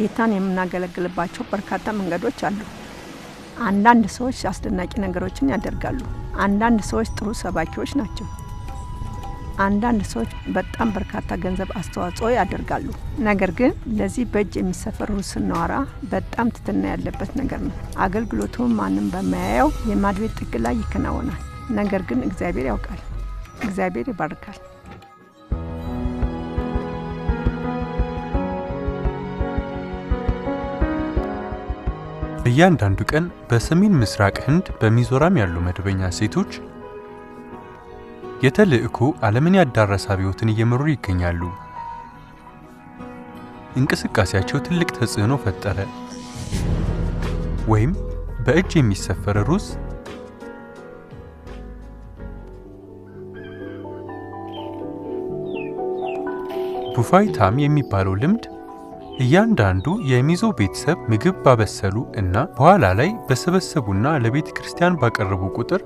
ጌታን የምናገለግልባቸው በርካታ መንገዶች አሉ። አንዳንድ ሰዎች አስደናቂ ነገሮችን ያደርጋሉ። አንዳንድ ሰዎች ጥሩ ሰባኪዎች ናቸው። አንዳንድ ሰዎች በጣም በርካታ ገንዘብ አስተዋጽኦ ያደርጋሉ። ነገር ግን ለዚህ በእጅ የሚሰፈር ስናወራ በጣም ትትና ያለበት ነገር ነው። አገልግሎቱም ማንም በማያየው የማድቤት ጥግ ላይ ይከናወናል። ነገር ግን እግዚአብሔር ያውቃል። እግዚአብሔር ይባርካል። በእያንዳንዱ ቀን በሰሜን ምስራቅ ህንድ በሚዞራም ያሉ መደበኛ ሴቶች የተልእኮ ዓለምን ያዳረሰ አብዮትን እየመሩ ይገኛሉ። እንቅስቃሴያቸው ትልቅ ተጽዕኖ ፈጠረ። ወይም በእጅ የሚሰፈር ሩዝ ቡፋይታም የሚባለው ልምድ እያንዳንዱ የሚዞ ቤተሰብ ምግብ ባበሰሉ እና በኋላ ላይ በሰበሰቡና ለቤተ ክርስቲያን ባቀረቡ ቁጥር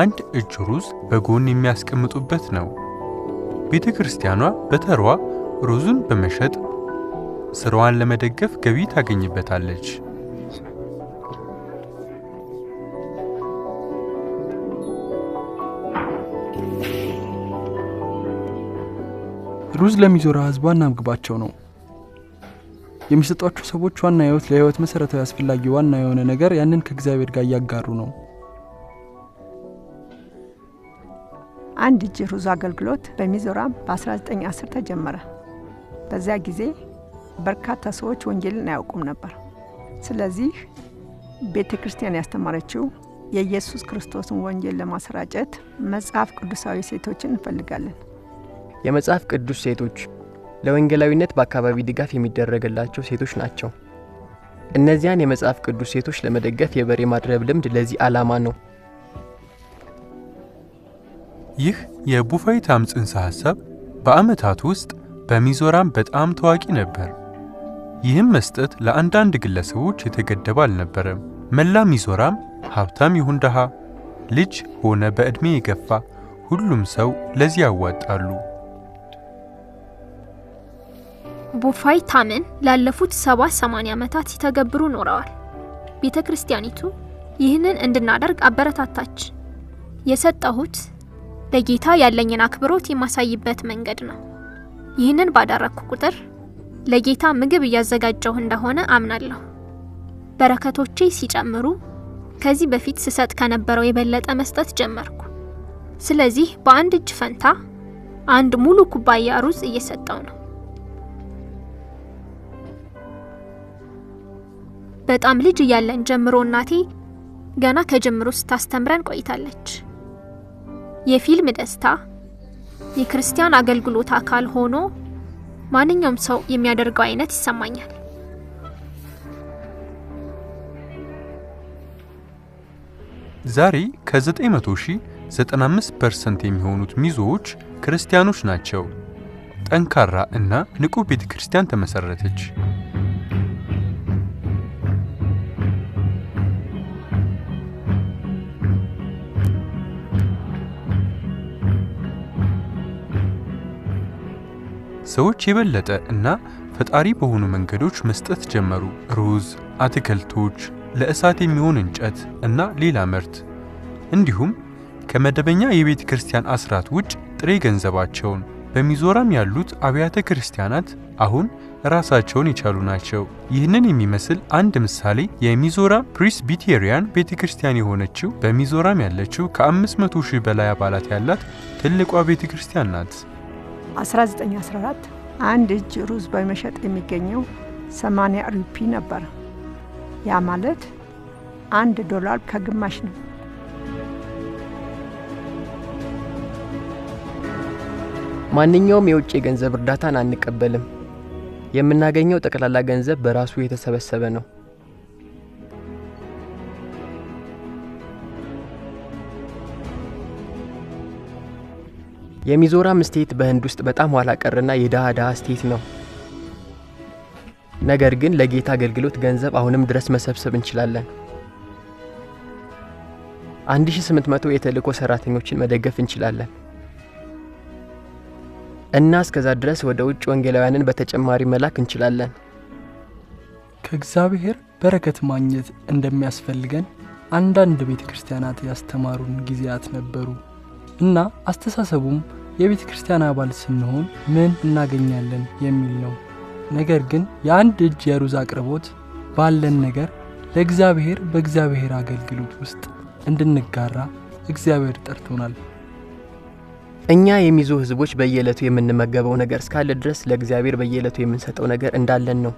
አንድ እጅ ሩዝ በጎን የሚያስቀምጡበት ነው። ቤተ ክርስቲያኗ በተሯ ሩዙን በመሸጥ ስራዋን ለመደገፍ ገቢ ታገኝበታለች። ሩዝ ለሚዞራ ህዝቧ እና ምግባቸው ነው። የሚሰጧቸው ሰዎች ዋና ህይወት ለህይወት መሰረታዊ አስፈላጊ ዋና የሆነ ነገር ያንን ከእግዚአብሔር ጋር እያጋሩ ነው። አንድ እጅ ሩዝ አገልግሎት በሚዞራም በ1910 ተጀመረ። በዚያ ጊዜ በርካታ ሰዎች ወንጌልን አያውቁም ነበር። ስለዚህ ቤተ ክርስቲያን ያስተማረችው የኢየሱስ ክርስቶስን ወንጌል ለማሰራጨት መጽሐፍ ቅዱሳዊ ሴቶችን እንፈልጋለን። የመጽሐፍ ቅዱስ ሴቶች ለወንጌላዊነት በአካባቢ ድጋፍ የሚደረግላቸው ሴቶች ናቸው። እነዚያን የመጽሐፍ ቅዱስ ሴቶች ለመደገፍ የበሬ ማድረብ ልምድ ለዚህ ዓላማ ነው። ይህ የቡፋይ ታም ጽንሰ ሐሳብ በዓመታት ውስጥ በሚዞራም በጣም ታዋቂ ነበር። ይህም መስጠት ለአንዳንድ ግለሰቦች የተገደበ አልነበረም። መላ ሚዞራም ሀብታም ይሁን ድሃ፣ ልጅ ሆነ በዕድሜ የገፋ ሁሉም ሰው ለዚህ ያዋጣሉ። ታምን ላለፉት ሰባ ሰማንያ ዓመታት ሲተገብሩ ኖረዋል። ቤተ ክርስቲያኒቱ ይህንን እንድናደርግ አበረታታች። የሰጠሁት ለጌታ ያለኝን አክብሮት የማሳይበት መንገድ ነው። ይህንን ባደረግኩ ቁጥር ለጌታ ምግብ እያዘጋጀሁ እንደሆነ አምናለሁ። በረከቶቼ ሲጨምሩ ከዚህ በፊት ስሰጥ ከነበረው የበለጠ መስጠት ጀመርኩ። ስለዚህ በአንድ እጅ ፈንታ አንድ ሙሉ ኩባያ ሩዝ እየሰጠው ነው። በጣም ልጅ እያለን ጀምሮ እናቴ ገና ከጀምሮ ስታስተምረን ቆይታለች። የፊልም ደስታ የክርስቲያን አገልግሎት አካል ሆኖ ማንኛውም ሰው የሚያደርገው አይነት ይሰማኛል። ዛሬ ከ900 ሺህ 95 ፐርሰንት የሚሆኑት ሚዞዎች ክርስቲያኖች ናቸው። ጠንካራ እና ንቁ ቤተ ክርስቲያን ተመሰረተች። ሰዎች የበለጠ እና ፈጣሪ በሆኑ መንገዶች መስጠት ጀመሩ። ሩዝ፣ አትክልቶች፣ ለእሳት የሚሆን እንጨት እና ሌላ ምርት እንዲሁም ከመደበኛ የቤተ ክርስቲያን አስራት ውጭ ጥሬ ገንዘባቸውን በሚዞራም ያሉት አብያተ ክርስቲያናት አሁን ራሳቸውን የቻሉ ናቸው። ይህንን የሚመስል አንድ ምሳሌ የሚዞራ ፕሪስቢቴሪያን ቤተ ክርስቲያን የሆነችው በሚዞራም ያለችው ከ500 ሺህ በላይ አባላት ያላት ትልቋ ቤተ ክርስቲያን ናት። 1914 አንድ እጅ ሩዝ በመሸጥ የሚገኘው 80 ሩፒ ነበር። ያ ማለት አንድ ዶላር ከግማሽ ነው። ማንኛውም የውጭ የገንዘብ እርዳታን አንቀበልም። የምናገኘው ጠቅላላ ገንዘብ በራሱ የተሰበሰበ ነው። የሚዞራም ስቴት በህንድ ውስጥ በጣም ኋላ ቀርና የድሃ ድሃ ስቴት ነው። ነገር ግን ለጌታ አገልግሎት ገንዘብ አሁንም ድረስ መሰብሰብ እንችላለን። 1800 የተልእኮ ሰራተኞችን መደገፍ እንችላለን እና እስከዛ ድረስ ወደ ውጭ ወንጌላውያንን በተጨማሪ መላክ እንችላለን። ከእግዚአብሔር በረከት ማግኘት እንደሚያስፈልገን አንዳንድ ቤተ ክርስቲያናት ያስተማሩን ጊዜያት ነበሩ። እና አስተሳሰቡም የቤተ ክርስቲያን አባል ስንሆን ምን እናገኛለን የሚል ነው። ነገር ግን የአንድ እጅ የሩዝ አቅርቦት ባለን ነገር ለእግዚአብሔር በእግዚአብሔር አገልግሎት ውስጥ እንድንጋራ እግዚአብሔር ጠርቶናል። እኛ የሚዞ ህዝቦች በየዕለቱ የምንመገበው ነገር እስካለ ድረስ ለእግዚአብሔር በየዕለቱ የምንሰጠው ነገር እንዳለን ነው።